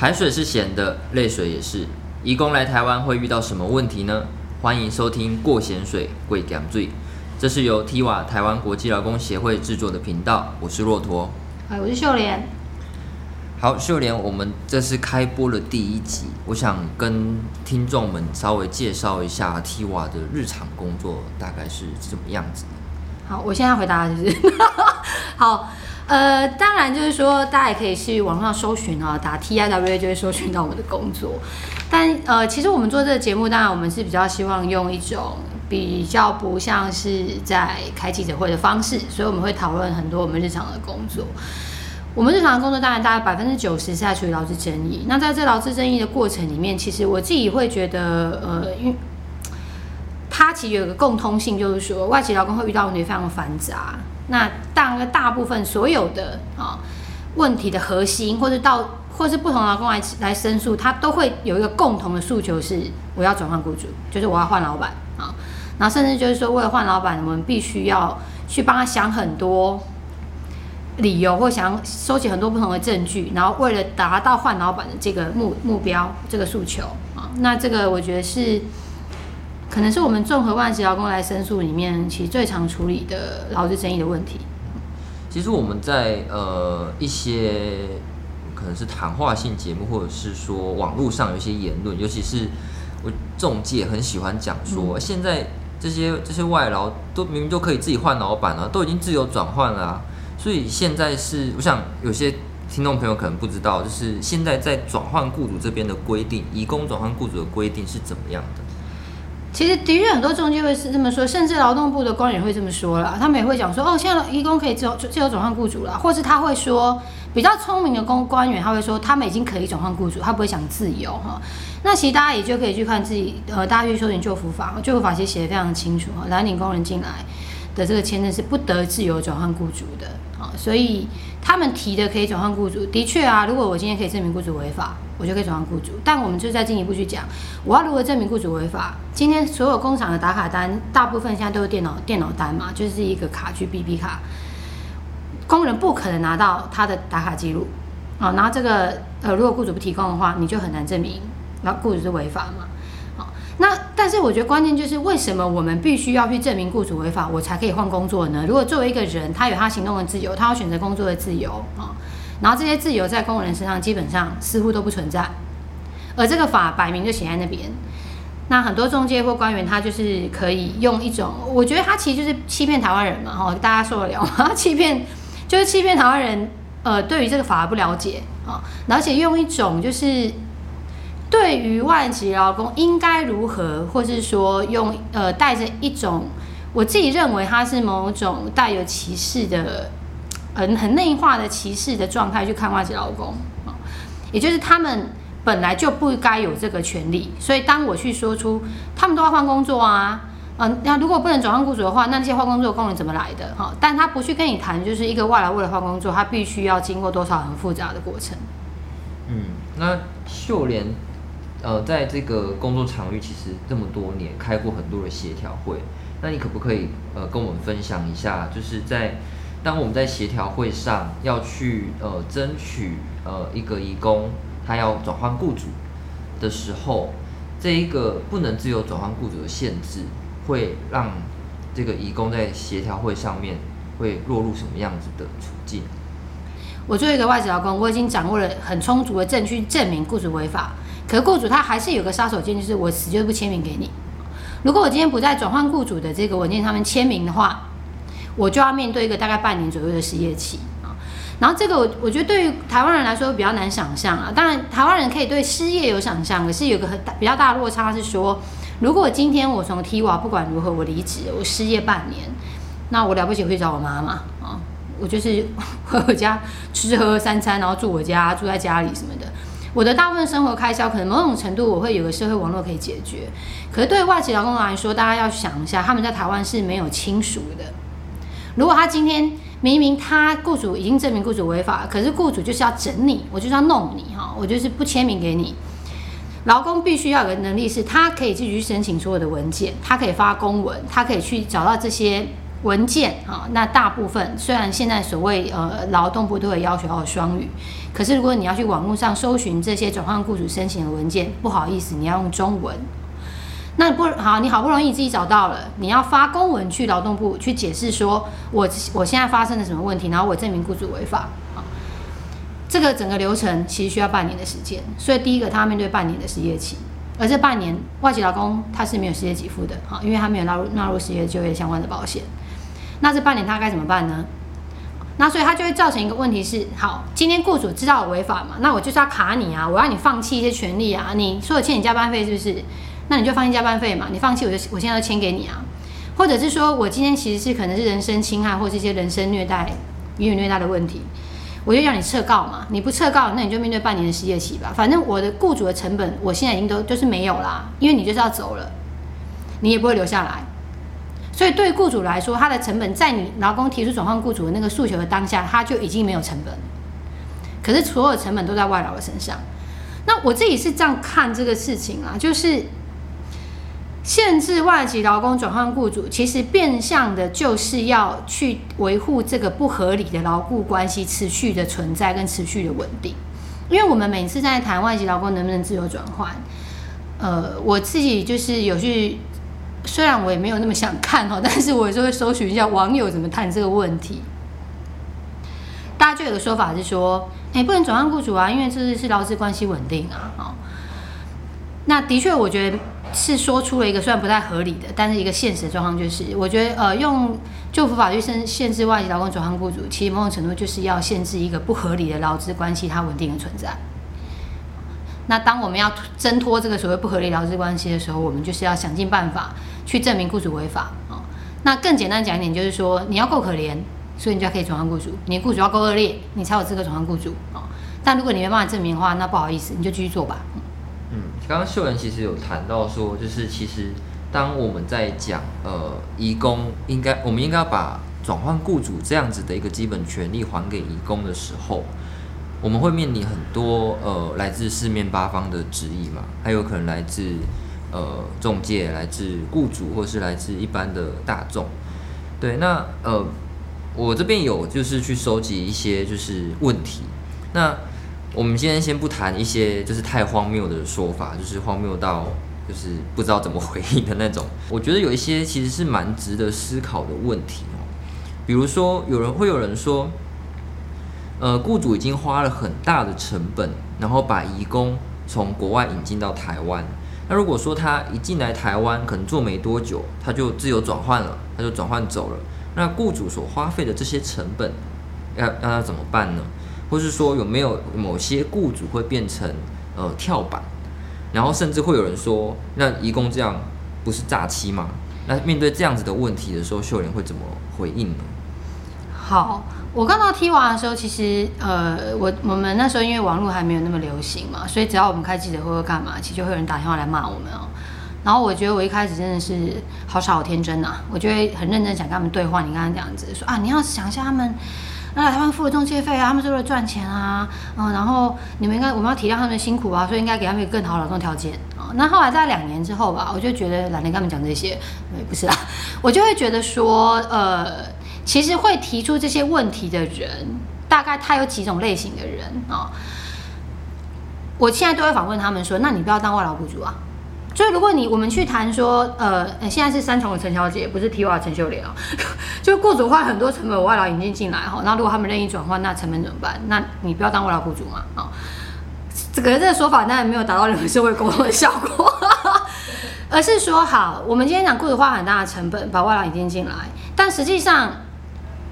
海水是鹹的，淚水也是。移工來台灣會遇到什麼問題呢？歡迎收聽過鹹《過鹹水會乾醉》，這是由 TIWA 台灣國際勞工協會制作的頻道。我是駱駝，哎，我是秀蓮。好，秀蓮，我們這是開播的第一集，我想跟聽眾們稍微介紹一下 TIWA 的日常工作大概是怎麼樣子。好，我現在回答就是 好。呃，當然就是說，大家也可以去網上搜尋哦、啊，打 T I W A 就會搜尋到我們的工作。但呃，其實我們做這個節目，當然我們是比較希望用一種比較不像是在開記者會的方式，所以我們會討論很多我們日常的工作。我們日常的工作，當然大概百分之九十是在處理勞資爭議。那在這勞資爭議的過程裡面，其實我自己會覺得，呃，因它其實有個共通性，就是說外籍勞工會遇到的問題非常的繁雜。那當個大部分所有的啊問題的核心，或者到，或是不同的勞工來來申訴，他都會有一個共同的訴求是：我要轉換雇主，就是我要換老闆啊。然後甚至就是說，為了換老闆，我們必須要去幫他想很多理由，或想收集很多不同的證據，然後為了達到換老闆的這個目目標、這個訴求啊，那這個我覺得是。可能是我們綜合外籍勞工來申訴裡面，其實最常處理的勞資爭議的問題。其實我們在呃一些可能是談話性節目，或者是說網絡上有一些言論，尤其是我仲介很喜歡講說，嗯、現在這些這些外勞都明明都可以自己換老板了，都已經自由轉換了啊。所以現在是我想有些聽眾朋友可能不知道，就是現在在轉換雇主這邊的規定，移工轉換雇主的規定是怎麼樣的？其實的確，很多中介會是這麼說，甚至勞動部的官員會這麼說啦。他們也會講說，哦，現在移工可以自由自由轉換雇主啦，或是他會說比較聰明的公官員，他會說他們已經可以轉換雇主，他不會想自由哈。那其實大家也就可以去看自己，呃，大家閱讀就服法，就服法其實寫得非常清楚哈，藍領工人進來的這個簽證是不得自由轉換雇主的啊，所以他們提的可以轉換雇主，的確啊，如果我今天可以證明雇主違法。我就可以轉換雇主，但我們就再進一步去講，我要如何證明雇主違法？今天所有工廠的打卡單大部分現在都是電腦電腦單嘛，就是一個卡去 BB 卡，工人不可能拿到他的打卡記錄啊、哦。然後這個呃，如果雇主不提供的話，你就很難證明，那、啊、雇主是違法嘛？好、哦，那但是我覺得關鍵就是為什麼我們必須要去證明雇主違法，我才可以換工作呢？如果作為一個人，他有他行動的自由，他要選擇工作的自由啊。哦然後這些自由在工人身上基本上似乎都不存在，而這個法擺明就寫在那邊。那很多中介或官員，他就是可以用一種，我覺得他其實就是欺騙台灣人嘛，哈，大家受得了嗎？欺騙就是欺騙台灣人，呃，對於這個法不了解啊，而且用一種就是對於外籍勞工應該如何，或是說用呃帶着一種，我自己認為它是某種帶有歧視的。很很內化的歧視的狀態去看外籍勞工，也就是他們本來就不該有這個權利，所以當我去說出他們都要換工作啊，嗯，那如果不能轉換僱主的話，那這些換工作的工人怎麼來的？哈，但他不去跟你談，就是一個外來為了換工作，他必須要經過多少很複雜的過程。嗯，那秀蓮，呃，在這個工作場域其實這麼多年開過很多的協調會，那你可不可以呃跟我們分享一下，就是在。當我們在協調會上要去呃爭取呃一個移工，他要轉換雇主的時候，這一個不能自由轉換雇主的限制，會讓這個移工在協調會上面會落入什麼樣子的處境？我作為一個外籍勞工，我已經掌握了很充足的證據證明雇主違法，可雇主他還是有個殺手鐧，就是我死就不簽名給你。如果我今天不在轉換雇主的這個文件上面簽名的話，我就要面對一個大概半年左右的失業期啊，然後這個我我覺得對於台灣人來說比較難想象啊。當然台灣人可以對失業有想象，可是有個很大比較大的落差，是說如果今天我從 TIWA，不管如何我離職，我失業半年，那我了不起會找我媽媽啊，我就是回我家吃喝喝三餐，然後住我家，住在家裡什麼的。我的大部分生活開銷可能某種程度我會有個社會網絡可以解決。可是對外籍勞工來說，大家要想一下，他們在台灣是沒有親屬的。如果他今天明明他雇主已經證明雇主違法，可是雇主就是要整你，我就是要弄你哈，我就是不簽名給你。勞工必須要有個能力是，他可以繼續申請所有的文件，他可以發公文，他可以去找到這些文件啊。那大部分雖然現在所謂呃勞動部都會要求要雙語，可是如果你要去網絡上搜尋這些轉換雇主申請的文件，不好意思，你要用中文。那不好，你好不容易自己找到了，你要發公文去勞動部去解釋說我，我我現在發生了什麼問題，然後我證明雇主違法啊、哦。這個整個流程其實需要半年的時間，所以第一個他要面對半年的失業期，而這半年外籍勞工他是沒有失業給付的啊、哦，因為他沒有納入納入失業就業相關的保險。那這半年他該怎麼辦呢？那所以他就會造成一個問題是，好，今天雇主知道我違法嘛？那我就是要卡你啊，我讓你放棄一些權利啊，你說我欠你加班費是不是？那你就放棄加班費嘛？你放棄我就，我現在要簽給你啊，或者是說我今天其實是可能是人身侵害或是一些人身虐待、言語虐待的問題，我就要你撤告嘛。你不撤告，那你就面對半年的失業期吧。反正我的雇主的成本，我現在已經都就是沒有啦，因為你就是要走了，你也不會留下來。所以對雇主來說，他的成本在你勞工提出轉換雇主的那個訴求的當下，他就已經沒有成本。可是所有成本都在外勞的身上。那我自己是這樣看這個事情啊，就是。限制外籍勞工轉換雇主，其實變相的就是要去維護這個不合理的勞雇關係持續的存在跟持續的穩定。因為我們每次在談外籍勞工能不能自由轉換，呃，我自己就是有去，雖然我也沒有那麼想看哦，但是我就會搜尋一下網友怎麼談這個問題。大家就有個說法是說，哎、欸，不能轉換雇主啊，因為這是是勞資關係穩定啊。哦，那的確，我覺得。是說出了一個雖然不太合理的，但是一個現實的狀況，就是我覺得，呃，用就服法律，限限制外籍勞工轉換雇主，其實某種程度就是要限制一個不合理的勞資關係它穩定的存在。那當我們要掙脫這個所謂不合理勞資關係的時候，我們就是要想盡辦法去證明雇主違法。那更簡單講一點，就是說你要夠可憐，所以你就可以轉換雇主；你的雇主要夠惡劣，你才有資格轉換雇主。但如果你沒辦法證明的話，那不好意思，你就繼續做吧。剛剛秀蓮其實有談到說，就是其實當我們在講呃，移工應該，我們應該要把轉換雇主這樣子的一個基本權利還給移工的時候，我們會面臨很多呃來自四面八方的質疑嘛，還有可能來自呃仲介、來自雇主或是來自一般的大眾。對，那呃，我這邊有就是去收集一些就是問題，那。我們今天先不談一些就是太荒謬的說法，就是荒謬到就是不知道怎麼回應的那種。我覺得有一些其實是蠻值得思考的問題哦。比如說，有人會有人說，呃，雇主已經花了很大的成本，然後把移工從國外引進到台灣。那如果說他一進來台灣，可能做沒多久，他就自由轉換了，他就轉換走了。那雇主所花費的這些成本，要要他怎麼辦呢？或是說有沒有某些雇主會變成呃跳板，然後甚至會有人說，那一共這樣不是詐欺嗎？那面對這樣子的問題的時候，秀蓮會怎麼回應呢？好，我剛到踢娃的時候，其實呃，我我們那時候因為網絡還沒有那麼流行嘛，所以只要我們開記者會會幹嘛，其實就會有人打電話來罵我們哦、喔。然後我覺得我一開始真的是好傻好天真啊，我就會很認真想跟他們對話。你剛剛這樣子說啊，你要想一下他們。那、啊、他們付了中介費啊，他們是為了賺錢啊，嗯，然後你們應該我們要體諒他們的辛苦啊，所以應該給他們一個更好的勞動條件啊。那、嗯、後來在兩年之後吧，我就覺得懶得跟他們講這些，哎、嗯，不是啊，我就會覺得說，呃，其實會提出這些問題的人，大概他有幾種類型的人啊、嗯。我現在都會訪問他們說，那你不要當外勞雇主啊。所以如果你我們去談說，呃，現在是三重的陳小姐，不是 TIWA 陳秀蓮啊、喔，就雇主花很多成本外勞引進進來哈、喔，那如果他們任意轉換，那成本怎麼辦？那你不要當外勞雇主嘛啊？這、喔、個這個說法當然沒有達到你們社會溝通的效果， 而是說好，我們今天講雇主花很大的成本把外勞引進進來，但實際上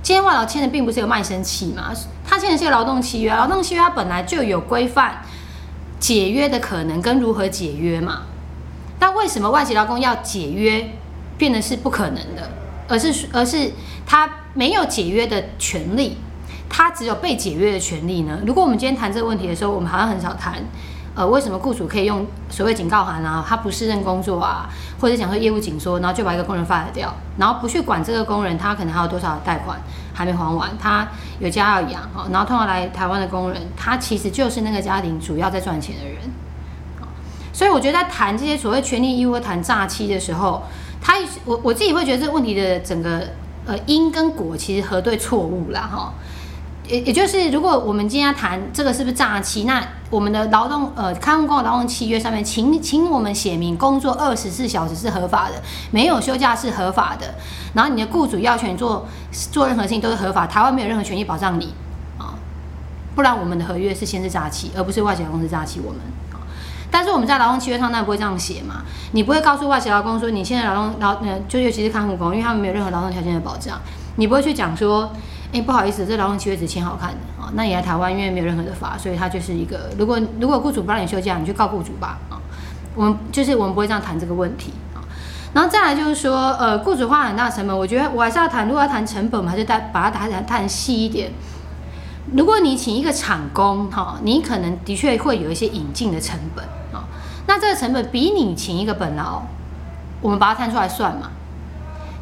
今天外勞簽的並不是有賣身契嘛，他簽的是勞動契約，勞動契約它本來就有規範解約的可能跟如何解約嘛。那為什麼外籍勞工要解約變得是不可能的，而是而是他沒有解約的權利，他只有被解約的權利呢？如果我們今天談這個問題的時候，我們好像很少談，呃，為什麼雇主可以用所謂警告函啊，他不適任工作啊，或者講說業務緊縮，然後就把一個工人發掉，然後不去管這個工人，他可能還有多少貸款還沒還完，他有家要養啊，然後通常來台灣的工人，他其實就是那個家庭主要在賺錢的人。所以我覺得在談這些所謂權利義務、談詐欺的時候，他我我自己會覺得這個問題的整個呃因跟果其實核對錯誤了哈。也也就是如果我們今天要談這個是不是詐欺，那我們的勞動呃看護工勞動契約上面，請請我們寫明工作二十四小時是合法的，沒有休假是合法的，然後你的僱主要求你做做任何事情都是合法。台灣沒有任何權益保障你啊，不然我們的合約是先是詐欺，而不是外企公司詐欺我們。但是我們在勞動契約上，那不會這樣寫嘛？你不會告訴外籍勞工說，你現在勞動勞呃、嗯，就尤其是看護工，因為他們沒有任何勞動條件的保障，你不會去講說，哎、欸，不好意思，這勞動契約只簽好看的啊、哦。那你來台灣，因為沒有任何的法，所以他就是一個，如果如果僱主不讓你休假，你去告僱主吧啊、哦。我們就是我們不會這樣談這個問題啊、哦。然後再來就是說，呃，僱主花很大成本，我覺得我還是要談，如果要談成本，我們還是帶把它談談細一點。如果你請一個廠工哈、哦，你可能的確會有一些引進的成本。那這個成本比你請一個本勞，我們把它攤出來算嘛？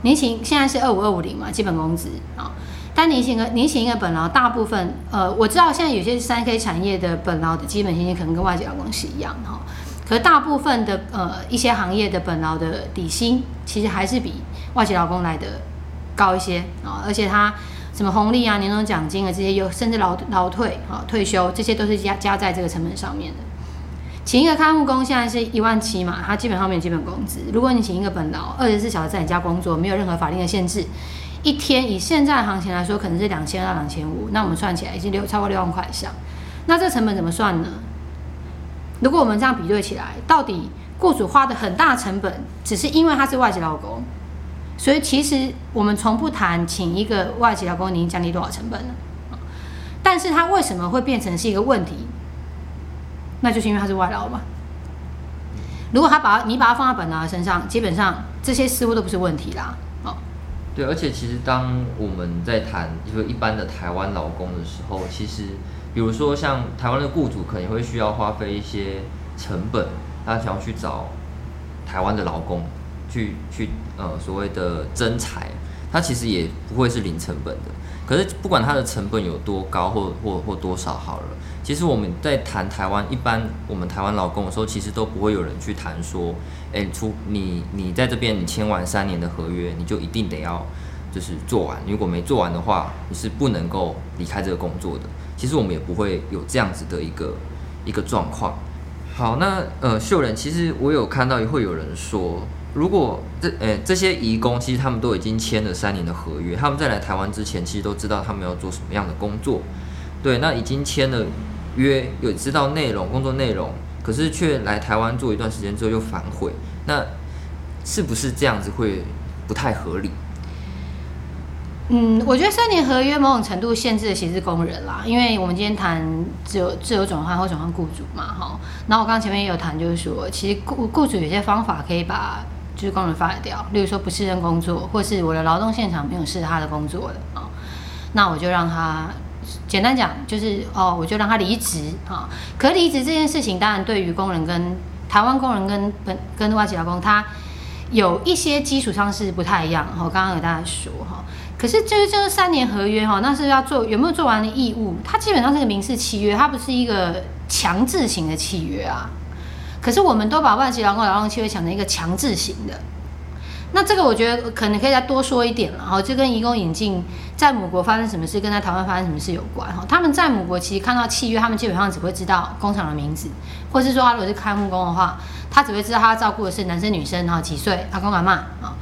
你請現在是二五二五零嘛，基本工資啊。但你請個你請一個本勞，大部分呃，我知道現在有些三 K 產業的本勞的基本薪金可能跟外籍勞工是一樣哈。可是大部分的呃一些行業的本勞的底薪其實還是比外籍勞工來的高一些啊。而且他什麼紅利啊、年終獎金啊這些，有甚至勞勞退啊、退休，這些都是加加在這個成本上面的。請一個看護工現在是一萬七嘛，他基本上沒有基本工資。如果你請一個本勞，二十四小時在你家工作，沒有任何法令的限制，一天以現在的行情來說，可能是兩千到兩千五。那我們算起來已經六超過六萬塊以上。那這成本怎麼算呢？如果我們這樣比對起來，到底雇主花的很大的成本，只是因為他是外籍勞工，所以其實我們從不談請一個外籍勞工，你降低多少成本呢？但是他為什麼會變成是一個問題？那就是因為他是外勞嘛。如果他把你把他放在本勞身上，基本上這些似乎都不是問題啦。哦，對，而且其實當我們在談一個一般的台灣勞工的時候，其實比如說像台灣的雇主可能會需要花費一些成本，他想要去找台灣的勞工去去呃所謂的徵才，他其實也不會是零成本的。可是不管他的成本有多高或或或多少，好了。其實我們在談台灣，一般我們台灣勞工的時候，其實都不會有人去談說，誒、欸，出你你在這邊你簽完三年的合約，你就一定得要就是做完，如果沒做完的話，你是不能夠離開這個工作的。其實我們也不會有這樣子的一個一個狀況。好，那呃秀蓮，其實我有看到也會有人說，如果這誒、欸、這些移工，其實他們都已經簽了三年的合約，他們在來台灣之前，其實都知道他們要做什麼樣的工作，對，那已經簽了。約有知道內容，工作內容，可是卻來台灣做一段時間之後又反悔，那是不是這樣子會不太合理？嗯，我覺得三年合約某種程度限制了其實是工人啦，因為我們今天談自由自由轉換或轉換雇主嘛，哈。然後我剛剛前面也有談，就是說其實雇雇主有些方法可以把就是工人發掉，例如說不勝任工作，或是我的勞動現場沒有適合他的工作的，那我就讓他。簡單講就是哦，我就讓他離職啊。可離職這件事情，當然對於工人跟台灣工人跟本跟外籍勞工，他有一些基礎上是不太一樣。我剛剛有跟大家說哈、哦，可是就是這三年合約哈、哦，那是要做有沒有做完的義務？它基本上是個民事契約，它不是一個強制型的契約啊。可是我們都把外籍勞工勞動契約想成一個強制型的。那這個我覺得可能可以再多說一點了，哈，就跟移工引進在母國發生什麼事，跟在台灣發生什麼事有關。哈，他們在母國其實看到契約，他們基本上只會知道工廠的名字，或是說他如果是看護工的話，他只會知道他照顧的是男生女生，然後幾歲，他幹幹嘛啊？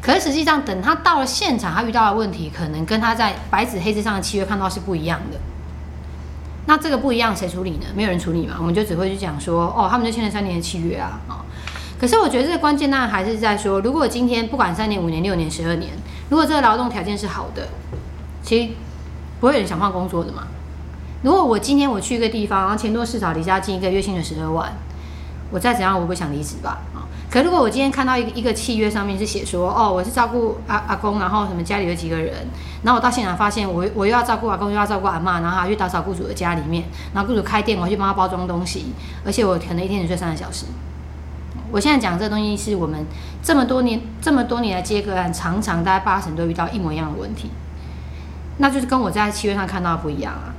可是實際上等他到了現場，他遇到的問題可能跟他在白紙黑字上的契約看到是不一樣的。那這個不一樣誰處理呢？沒有人處理嘛，我們就只會去講說，哦、喔，他們就簽了三年的契約啊，啊、喔。可是我覺得這個關鍵呢還是在說，如果今天不管三年、五年、六年、十二年，如果這個勞動條件是好的，其實不會有人想換工作的嘛。如果我今天我去一個地方，然後錢多事少離家近，一個月薪水十二萬，我再怎樣我不想離職吧？哦，可如果我今天看到一個一個契約上面是寫說，哦，我是照顧阿阿公，然後什麼家裡有幾個人，然後我到現場發現我我又要照顧阿公又要照顧阿媽，然後還去打掃雇主的家裡面，然後雇主開店我去幫他包裝東西，而且我可能一天只睡三個小時。我現在講這個東西是我們這麼多年這麼多年的接個案，常常大概八成都遇到一模一樣的問題，那就是跟我在契約上看到的不一樣啊。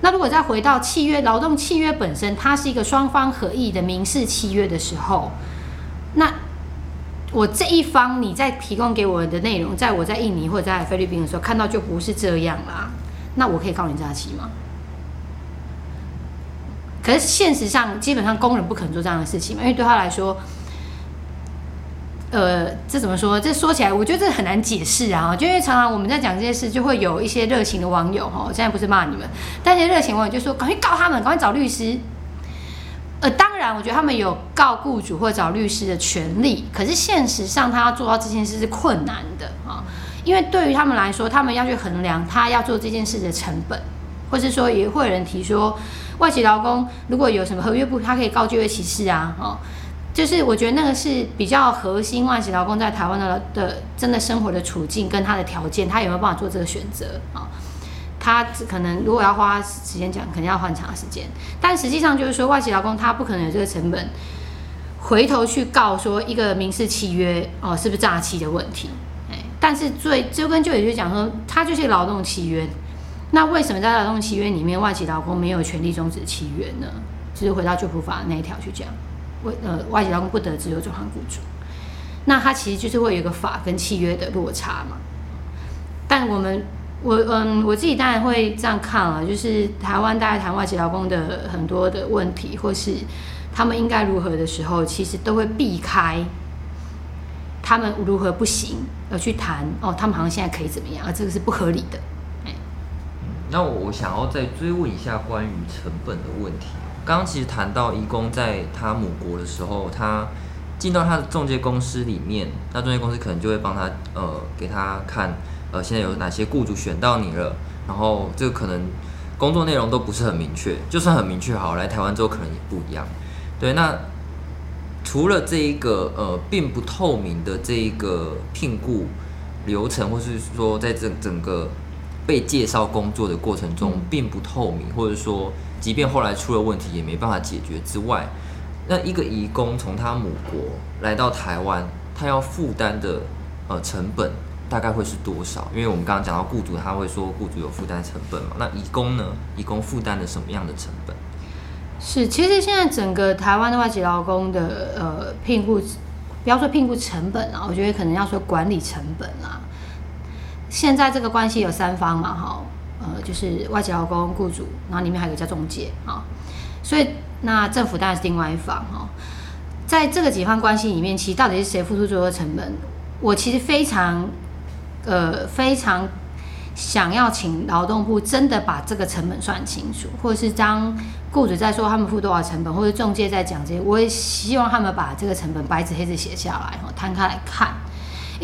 那如果再回到契約、勞動契約本身，它是一個雙方合意的民事契約的時候，那我這一方你在提供給我的內容，在我在印尼或者在菲律賓的時候看到就不是這樣啦。那我可以告你詐欺嗎？可是，現實上，基本上工人不可能做這樣的事情嘛。因為對他來說，呃，這怎麼說？這說起來，我覺得這很難解釋啊。就因為常常我們在講這件事，就會有一些熱情的網友哈。現在不是罵你們，但一些熱情網友就說：“趕快告他們，趕快找律師。”呃，當然，我覺得他們有告雇主或者找律師的權利。可是，現實上，他要做到這件事是困難的啊。因為對於他們來說，他們要去衡量他要做這件事的成本，或是說，也會有人提說。外籍勞工如果有什麼合約不，他可以告就業歧視啊。哦，就是我覺得那個是比較核心。外籍勞工在台灣的的真的生活的處境跟他的條件，他有沒有辦法做這個選擇。哦，他只可能如果要花時間講，肯定要花很長時間。但實際上就是說，外籍勞工他不可能有這個成本，回頭去告說一個民事契約哦，是不是詐欺的問題？哎，但是最就跟就業局講說，他就是勞動契約。那為什麼在勞動契約裡面，外籍勞工沒有權利終止契約呢？就是回到就服法那一條去講，為呃外籍勞工不得自由轉換雇主，那他其實就是會有一個法跟契約的落差嘛。但我們我嗯我自己當然會這樣看啊，就是台灣大家談外籍勞工的很多的問題，或是他們應該如何的時候，其實都會避開他們如何不行而去談哦，他們好像現在可以怎麼樣，而這個是不合理的。那我想要再追問一下關於成本的問題。剛剛其實談到移工在他母國的時候，他進到他的仲介公司裡面，那仲介公司可能就會幫他呃給他看，呃現在有哪些雇主選到你了，然後這個可能工作內容都不是很明確，就算很明確好來台灣之後可能也不一樣。對，那除了這一個呃並不透明的這一個聘僱流程，或是說在這整個。被介紹工作的過程中並不透明，或者說，即便後來出了問題也沒辦法解決之外，那一個移工從他母國來到台灣，他要負擔的呃成本大概會是多少？因為我們剛剛講到雇主，他會說雇主有負擔成本嘛，那移工呢？移工負擔了什麼樣的成本？是，其實現在整個台灣的外籍勞工的呃聘雇，不要說聘雇成本啊，我覺得可能要說管理成本啦、啊。現在這個關係有三方嘛，哈，呃，就是外籍勞工、雇主，然後裡面還有一個叫中介啊、哦，所以那政府當然是另外一方哈、哦。在這個幾方關係裡面，其實到底是誰付出最多的成本？我其實非常，呃，非常想要請勞動部真的把這個成本算清楚，或者是當雇主在說他們付多少成本，或者中介在講這些，我也希望他們把這個成本白紙黑字寫下來，攤開來看。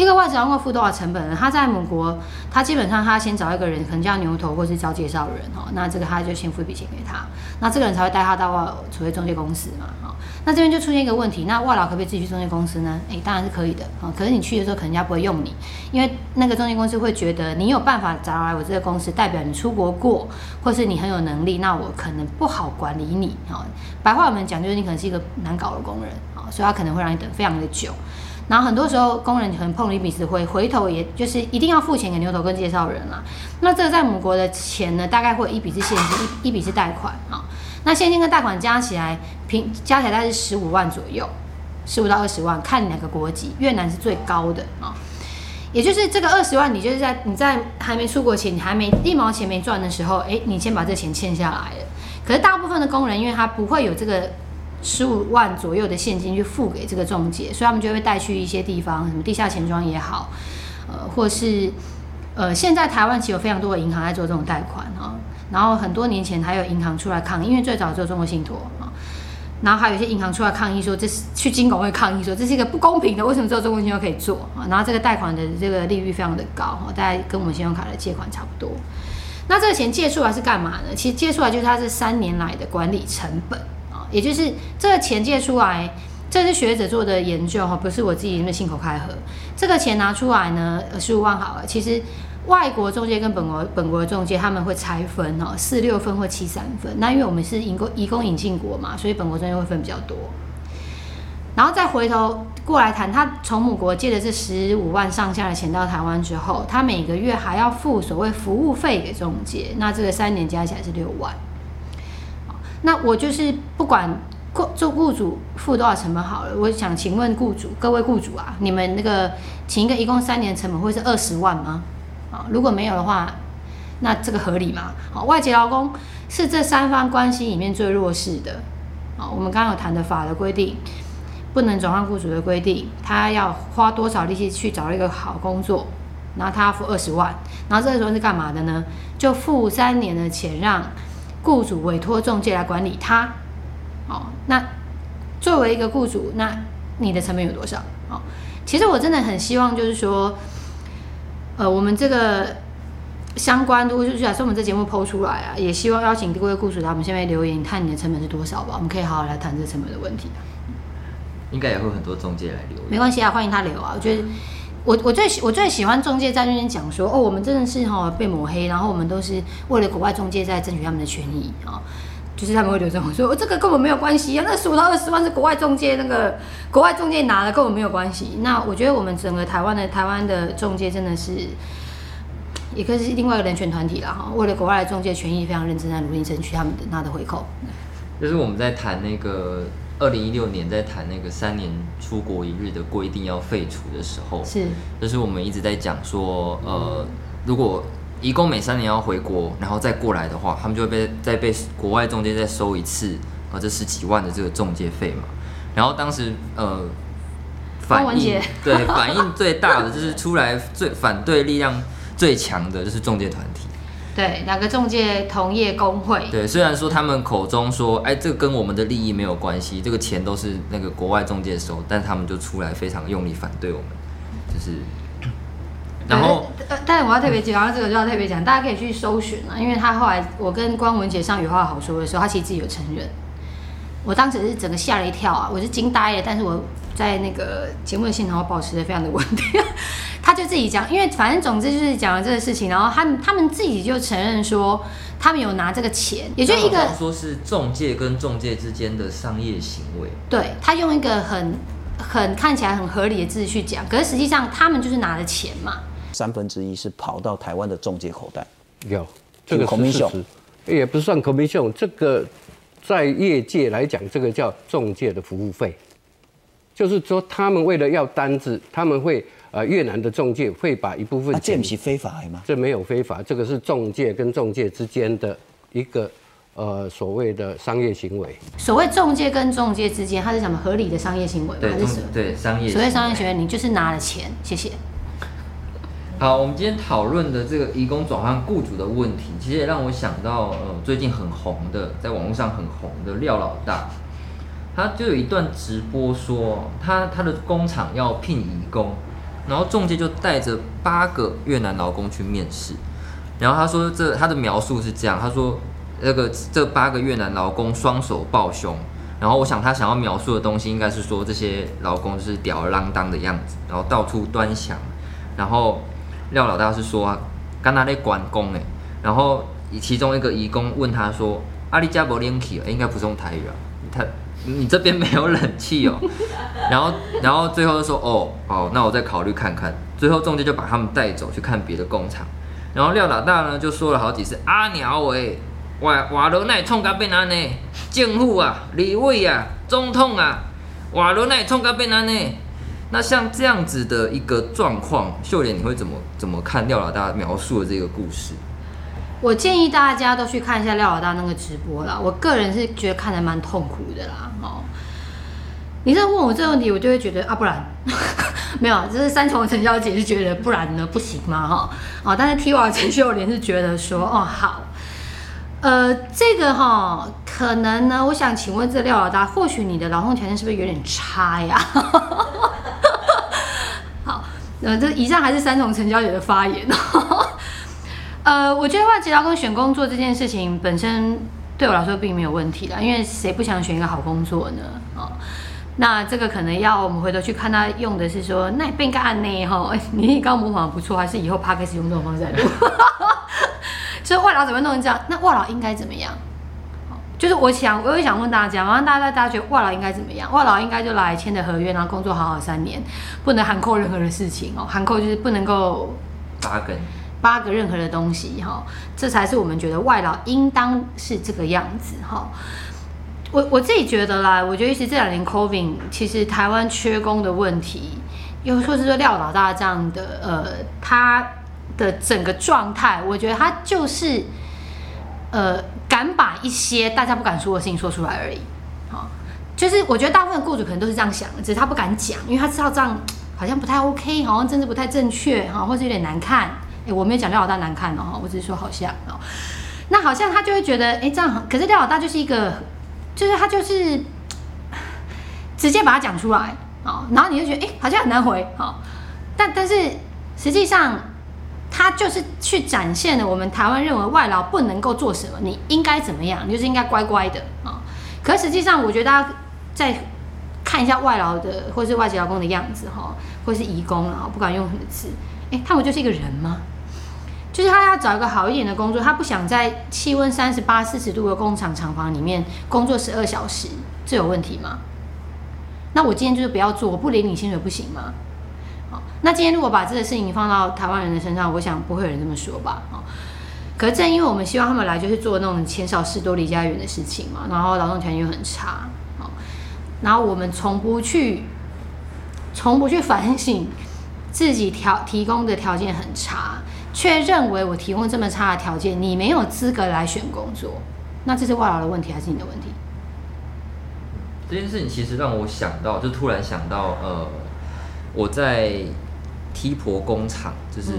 一個外勞會付多少成本呢？他在母國，他基本上他先找一個人，可能叫牛頭，或是找介紹人、哦、那這個他就先付一筆錢給他，那這個人才會帶他到所謂中介公司嘛、哦。那這邊就出現一個問題，那外勞可不可以自己去中介公司呢？哎，當然是可以的啊、哦。可是你去的時候，可能人家不會用你，因為那個中介公司會覺得你有辦法找來我這個公司，代表你出國過，或是你很有能力，那我可能不好管理你、哦、白話我們講，就是你可能是一個難搞的工人啊、哦，所以他可能會讓你等非常的久。然後很多時候工人可能碰了一鼻子灰，回頭也就是一定要付錢給牛頭跟介紹人了。那這個在母國的錢呢，大概會有一筆是現金，一一筆是貸款啊、哦。那現金跟貸款加起來，平加起來大概是十五萬左右，十五到二十萬，看哪個國籍，越南是最高的啊、哦。也就是這個二十萬，你就是在你在還沒出國前，你還沒一毛錢沒賺的時候，哎，你先把這個錢欠下來了。可是大部分的工人，因為他不會有這個。十五萬左右的現金去付給這個中介，所以他們就會帶去一些地方，什麼地下錢莊也好，呃，或是呃，現在台灣其實有非常多的銀行在做這種貸款、哦、然後很多年前還有銀行出來抗議，因為最早只有做中國信托、哦、然後還有一些銀行出來抗議說，這是去金管會抗議說，這是一個不公平的，為什麼只有中國信托可以做啊、哦？然後這個貸款的這個利率非常的高哈、哦，大概跟我們信用卡的借款差不多。那這個錢借出來是幹嘛呢？其實借出來就是他這三年來的管理成本。也就是這個錢借出來，這是學者做的研究哈，不是我自己因為信口開河。這個錢拿出來呢，十五萬好了。其實外國中介跟本國本國的中介他們會拆分哦，四六分或七三分。那因為我們是移工移工引進國嘛，所以本國中介會分比較多。然後再回頭過來談，他從母國借的這十五萬上下的錢到台灣之後，他每個月還要付所謂服務費給中介，那這個三年加起來是六萬。那我就是不管雇做雇主付多少成本好了，我想請問雇主，各位雇主啊，你們那個請一個一共三年的成本會是二十萬嗎？啊、哦，如果沒有的話，那這個合理嗎？好、哦，外籍勞工是這三方關係裡面最弱勢的。啊、哦，我們剛剛有談的法的規定，不能轉換雇主的規定，他要花多少力氣去找一個好工作，然後他要付二十萬，然後這個時候是幹嘛的呢？就付三年的錢讓。雇主委託中介來管理他，哦，那作為一個雇主，那你的成本有多少？哦，其實我真的很希望，就是說，呃，我們這個相關都就是說，我們這節目拋出來啊，也希望邀請各位雇主到我們下面留言，看你的成本是多少吧，我們可以好好來談這成本的問題啊。應該也會很多中介來留言，沒關係啊，歡迎他留啊，我覺得。嗯我我最我最喜歡中介在那邊講說哦，我們真的是哈、哦、被抹黑，然後我們都是為了國外中介在爭取他們的權益啊、哦，就是他們會就這麼說，我、哦、這個跟我沒有關係啊，那十五到二十萬是國外中介那個國外中介拿的跟我沒有關係。那我覺得我們整個台灣的台灣的中介真的是，也可以是另外一個人權團體了哈，為了國外的中介權益非常認真在努力爭取他們的拿的回扣。就是我們在談那個。二零一六年在談那個三年出國一日的規定要廢除的時候，是，就是我們一直在講說，呃，如果移工每三年要回國，然後再過來的話，他們就會被再被國外仲介再收一次呃，啊，這十幾萬的這個仲介費嘛。然後當時呃，反應，對，反應最大的就是出來最反對力量最強的就是仲介團體。對，兩個中介同業公會。對，雖然說他們口中說，哎，這個跟我們的利益沒有關係，這個錢都是那個國外中介收，但他們就出來非常用力反對我們，就是。然後，呃呃、但是我要特別講，嗯、然後這個就要特別講，大家可以去搜尋啊。因為他後來我跟關文姐上有話好說的時候，他其實自己有承認，我當時是整個嚇了一跳啊，我是驚呆了，但是我在那個節目的現場，我保持的非常的穩定。他就自己講，因為反正總之就是講了這個事情，然後他們他們自己就承認說他們有拿這個錢，也就一個說是中介跟中介之間的商業行為。對，他用一個很很看起來很合理的字去講，可是實際上他們就是拿的錢嘛。三分之一是跑到台灣的中介口袋，有這個 commission，也不算 commission，這個在業界來講，這個叫中介的服務費，就是說他們為了要單子，他們會。啊、呃，越南的中介會把一部分錢，這不是非法嗎？這沒有非法，這個是中介跟中介之間的一個呃所謂的商業行為。所謂中介跟中介之間，它是什麼合理的商業行為嗎？對，還是什麼？對，商業行為。所謂商業行為，你就是拿了錢，謝謝。好，我們今天討論的這個移工轉換雇主的問題，其實也讓我想到呃最近很紅的，在網絡上很紅的廖老大，他就有一段直播說，他他的工廠要聘移工。然後仲介就帶着八個越南勞工去面試，然後他說這他的描述是這樣，他說那，這個這八個越南勞工雙手抱胸，然後我想他想要描述的東西應該是說，這些勞工是吊兒郎當的樣子，然後到處端詳，然後廖老大是說，剛剛在管工哎，然後其中一個移工問他說，阿里加伯林基，應該不是用台語啊，他。你這邊沒有冷氣哦？ 然後，然後最後就說，哦，好，那我再考慮看看。最後中介就把他們帶走去看別的工廠，然後廖老大呢就說了好幾次阿娘、欸，阿鳥誒，瓦瓦羅奈衝干貝拿呢，政府啊，立委啊，總統啊，瓦羅奈衝干貝拿呢。那像這樣子的一個狀況，秀蓮你會怎麼怎麼看廖老大描述的這個故事？我建議大家都去看一下廖老大那個直播啦。我個人是覺得看得蠻痛苦的啦。哦、喔，你在問我這個問題，我就會覺得啊，不然 沒有，就是三重陳小姐是覺得不然呢不行嗎？哈、喔，哦、喔，但是 T 瓦陳秀蓮是覺得說哦、喔、好，呃，這個哈、喔、可能呢，我想請問這廖老大，或許你的勞動條件是不是有點差呀？對 好，呃、嗯，這以上還是三重陳小姐的發言。喔呃，我覺得外籍勞工選工作這件事情本身對我來說並沒有問題啦，因為誰不想選一個好工作呢、哦？那這個可能要我們回頭去看他用的是說，那也變個暗內哈，你剛模仿的不錯，還是以後趴開始用這種方式來？所以 外勞怎麼弄成這樣？那外勞應該怎麼樣、哦？就是我想，我也想問大家，然後大家在大家覺得外勞應該怎麼樣？外勞應該就來簽的合約，然後工作好好三年，不能含扣任何的事情哦，含扣就是不能夠扎根。八個任何的東西哈、哦，這才是我們覺得外勞應當是這個樣子哈、哦。我我自己覺得啦，我覺得其實這兩年 COVID 其實台灣缺工的問題，又或是說廖老大這樣的呃，他的整個狀態，我覺得他就是呃敢把一些大家不敢說的事情說出來而已。哦、就是我覺得大部分雇主可能都是這樣想的，只是他不敢講，因為他知道這樣好像不太 OK，好像政治不太正確哈、哦，或是有點難看。欸、我沒有講廖老大難看哦、喔，我只是說好像哦、喔，那好像他就會覺得，哎、欸，這樣好，可是廖老大就是一個，就是他就是直接把它講出來哦、喔，然後你就覺得，哎、欸，好像很難回哦、喔，但但是實際上他就是去展現了我們台灣認為外勞不能夠做什麼，你應該怎麼樣，你就是應該乖乖的、喔、可實際上，我覺得大家再看一下外勞的，或是外籍勞工的樣子哈、喔，或是移工啊、喔，不管用什麼字，哎、欸，他們就是一個人嗎？就是他要找一個好一點的工作，他不想在氣溫三十八、四十度的工廠廠房裡面工作十二小時，這有問題嗎？那我今天就是不要做，我不領你薪水不行嗎？好，那今天如果把這個事情放到台灣人的身上，我想不會有人這麼說吧？可是正因為我們希望他們來就是做那種錢少事多離家遠的事情嘛，然後勞動條件又很差，然後我們從不去，從不去反省自己條提供的條件很差。卻認為我提供這麼差的條件，你沒有資格來選工作，那這是外勞的問題還是你的問題？這件事情，其實讓我想到，就突然想到，呃，我在 T 婆工廠，就是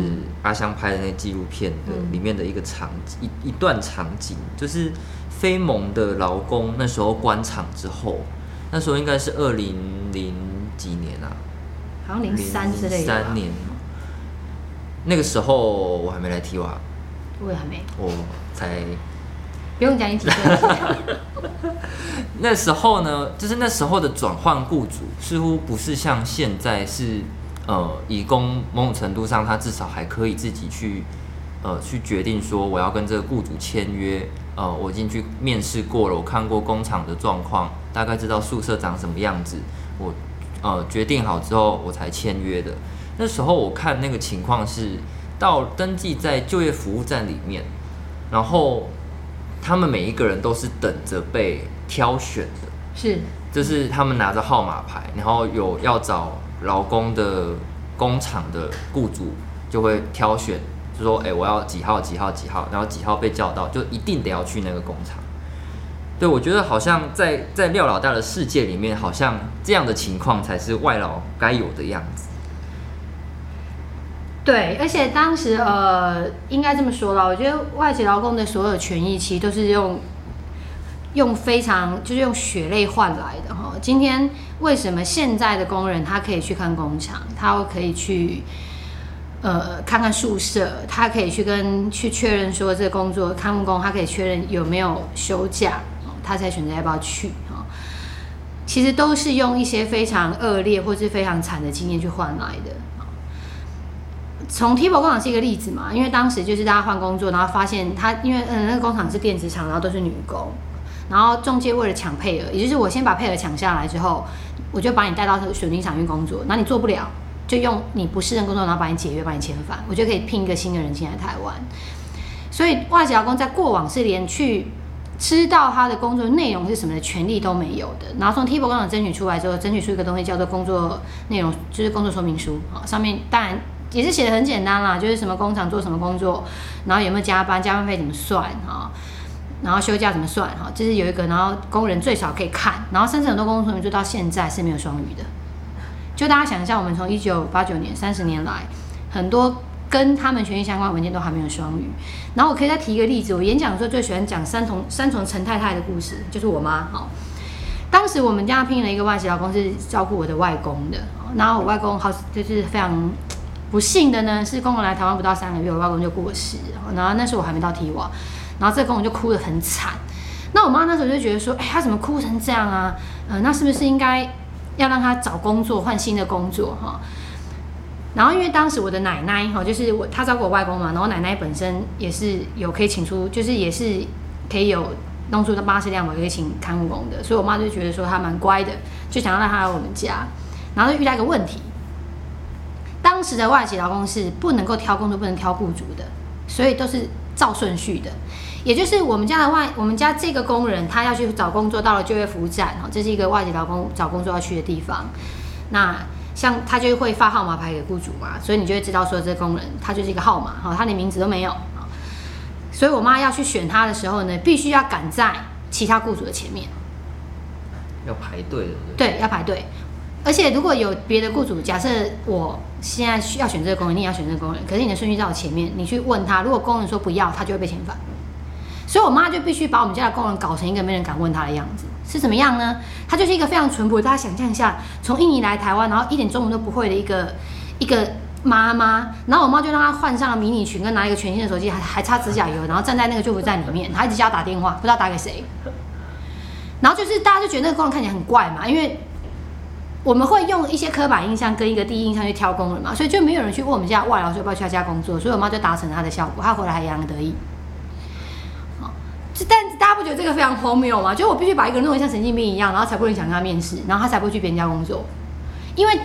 阿香拍的那紀錄片的裡面的一個場景，嗯、一一段場景，就是飛盟的勞工那時候關廠之後，那時候應該是二零零幾年啊，好像零三之類那個時候我還沒來 TIWA，我也還沒，我才，不用講你幾歲。 那時候呢，就是那時候的轉換雇主似乎不是像現在是，是呃，移工某種程度上他至少還可以自己去呃去決定說我要跟這個雇主簽約，呃，我進去面試過了，我看過工廠的狀況，大概知道宿舍長什麼樣子，我呃決定好之後我才簽約的。那時候我看那個情況是，到登記在就業服務站裡面，然後他們每一個人都是等着被挑選的，是、嗯，就是他們拿着號碼牌，然後有要找勞工的工廠的雇主就會挑選，就說，哎、欸，我要幾號、幾號、幾號，然後幾號被叫到，就一定得要去那個工廠。對，我覺得好像在在廖老大的世界裡面，好像這樣的情況才是外勞該有的樣子。對，而且當時呃，應該這麼說啦，我覺得外籍勞工的所有權益其實都是用，用非常就是用血淚換來的哈，哦。今天為什麼現在的工人他可以去看工廠，他可以去呃看看宿舍，他可以去跟去確認說這個工作看護工，他可以確認有沒有休假，哦，他才選擇要不要去，哦。其實都是用一些非常惡劣或是非常慘的經驗去換來的。從 Tibo 工廠是一個例子嘛，因為當時就是大家換工作，然後發現他，因為嗯那個工廠是電子廠，然後都是女工，然後中介為了搶配額，也就是我先把配額搶下來之後，我就把你帶到水泥廠去工作，那你做不了，就用你不適的工作，然後把你解約，把你遣返，我就可以聘一個新的人進來台灣。所以外籍勞工在過往是連去知道他的工作內容是什麼的權利都沒有的，然後從 Tibo 工廠爭取出來之後，爭取出一個東西叫做工作內容，就是工作說明書，上面當然。也是寫的很簡單啦，就是什麼工廠做什麼工作，然後有沒有加班，加班費怎麼算哈，然後休假怎麼算哈，就是有一個，然後工人最少可以看，然後甚至很多工作裡面就到現在是沒有雙語的。就大家想一下，我們從一九八九年三十年來，很多跟他們權益相關文件都還沒有雙語。然後我可以再提一個例子，我演講的時候最喜歡講三重三重陳太太的故事，就是我媽哈、喔。當時我們家聘了一個外籍勞工是照顧我的外公的，然後我外公好就是非常。不幸的呢是，公公來台灣不到三個月，我外公就過世。然後那時候我還沒到提瓦，然後這公公就哭得很慘。那我媽那時候就覺得說，哎、欸，她怎麼哭成這樣啊？嗯、呃，那是不是應該要讓他找工作，換新的工作哈？然後因為當時我的奶奶哈，就是我她照顧我外公嘛，然後奶奶本身也是有可以請出，就是也是可以有弄出的巴氏量，可以請看護工的。所以我媽就覺得說她蠻乖的，就想要讓她來我們家。然後就遇到一個問題。當時的外籍勞工是不能夠挑工作、不能挑雇主的，所以都是照順序的。也就是我們家的外，我們家這個工人他要去找工作，到了就業服務站哦，這是一個外籍勞工找工作要去的地方。那像他就會發號碼牌給雇主嘛，所以你就會知道說這工人他就是一個號碼，他連名字都沒有。所以我媽要去選他的時候呢，必須要趕在其他雇主的前面。要排隊，對不對？對，要排隊。而且如果有別的雇主，假設我現在需要選這個工人，你也要選這個工人。可是你的順序在我前面，你去問他，如果工人說不要，他就會被遣返。所以我媽就必須把我們家的工人搞成一個沒人敢問他的樣子，是什麼樣呢？他就是一個非常淳樸，大家想象一下，從印尼來台灣，然後一點中文都不會的一個一個媽媽。然後我媽就讓他換上了迷你裙，跟拿一個全新的手機，還還擦指甲油，然後站在那個救護站裡面，他一直叫打電話，不知道打給誰。然後就是大家就覺得那個工人看起來很怪嘛，因為。我們會用一些刻板印象跟一個第一印象，去挑工人嘛，所以就沒有人去問我們家外勞說要不要去他家工作。所以我媽就達成她的效果，她回來還洋洋得意。哦、但大家不覺得這個非常荒謬嗎？就我必須把一個人弄得像神經病一樣，然後才不會想跟他面試，然後他才不會去別人家工作。因為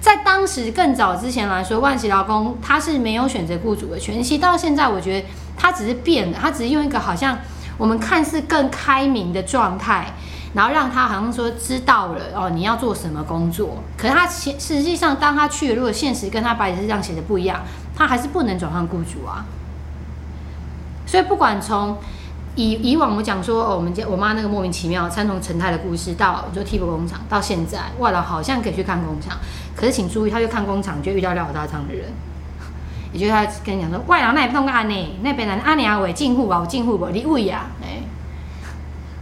在當時更早之前來說，外籍勞工他是沒有選擇僱主的權。其實，到現在我覺得他只是變了，他只是用一個好像我們看似更開明的狀態。然後讓他好像說知道了哦，你要做什麼工作？可他其實際上當他去了，如果現實跟他白紙上寫的不一樣，他還是不能轉換雇主啊。所以不管從以以往我講說，哦，我們家我媽那個莫名其妙參從成太的故事，到就替補工廠，到現在外勞好像可以去看工廠，可是請注意，他去看工廠就遇到廖老大這樣的人，也就是他跟你講說外勞那邊弄個阿內，那邊人阿娘為政府我政府無你位呀。喂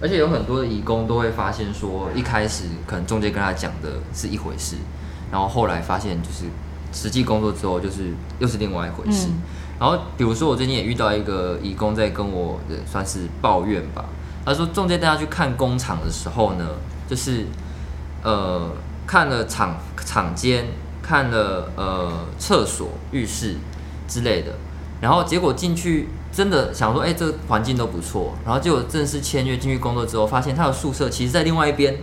而且有很多的移工都會發現說，一開始可能仲介跟他講的是一回事，然後後來發現就是實際工作之後就是又是另外一回事。嗯、然後比如說我最近也遇到一個移工在跟我算是抱怨吧，他說仲介帶他去看工廠的時候呢，就是呃看了廠廠間，看了呃廁所、浴室之類的，然後結果進去。真的想說，哎、欸，這個環境都不錯。然後結果正式簽約進去工作之後，發現他的宿舍其實，在另外一邊。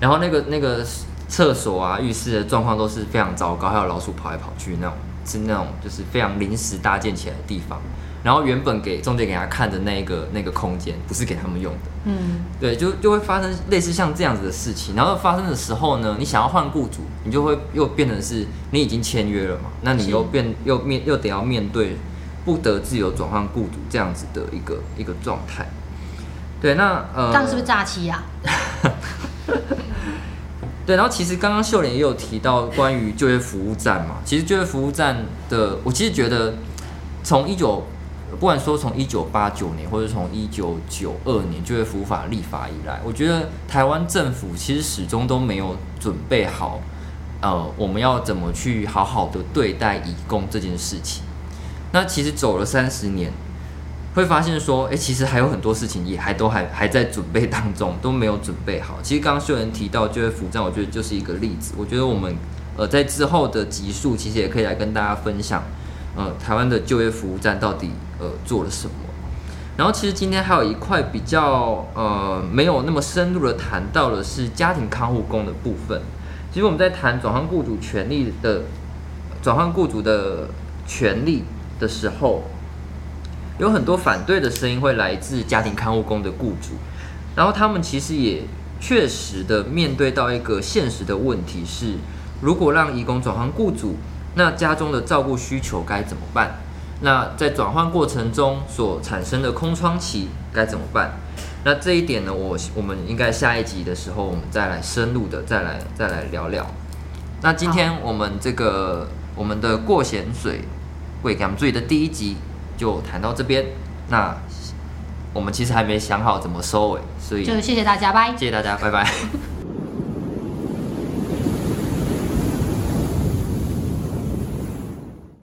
然後那個那個廁所啊、浴室的狀況都是非常糟糕，還有老鼠跑來跑去那種，是那種就是非常臨時搭建起來的地方。然後原本給中介給他看的那個那個空間，不是給他們用的。嗯，對，就就會發生類似像這樣子的事情。然後發生的時候呢，你想要換雇主，你就會又變成是你已經簽約了嘛？那你又變、嗯、又面又得要面對。不得自由轉換雇主這樣子的一個一個狀態，對，那呃，是不是假期呀？ 對，然後其實剛剛秀蓮也有提到關於就業服務站嘛，其實就業服務站的，我其實覺得從一九，不管說從一九八九年或者從一九九二年就業服務法立法以來，我覺得台灣政府其實始終都沒有準備好，呃，我們要怎麼去好好的對待移工這件事情。那其實走了三十年，會發現說，誒，其實還有很多事情也還都還還在準備當中，都沒有準備好。其實剛剛秀蓮提到就業服務站，我覺得就是一個例子。我覺得我們呃在之後的集數，其實也可以來跟大家分享，呃，台灣的就業服務站到底呃做了什麼。然後其實今天還有一塊比較呃沒有那麼深入的談到的是家庭看護工的部分。其實我們在談轉換雇主權利的轉換雇主的權利的時候，有很多反對的聲音會來自家庭看護工的雇主，然後他們其實也確實的面對到一個現實的問題是：如果讓移工轉換雇主，那家中的照顧需求該怎麼辦？那在轉換過程中所產生的空窗期該怎麼辦？那這一點呢，我我們應該下一集的時候，我們再來深入的再來再來聊聊。那今天我們這個好我們的過鹹水過鹹水的第一集就談到這邊，那我們其實還沒想好怎麼收尾，所以就謝謝大家，拜，謝謝大家，拜拜。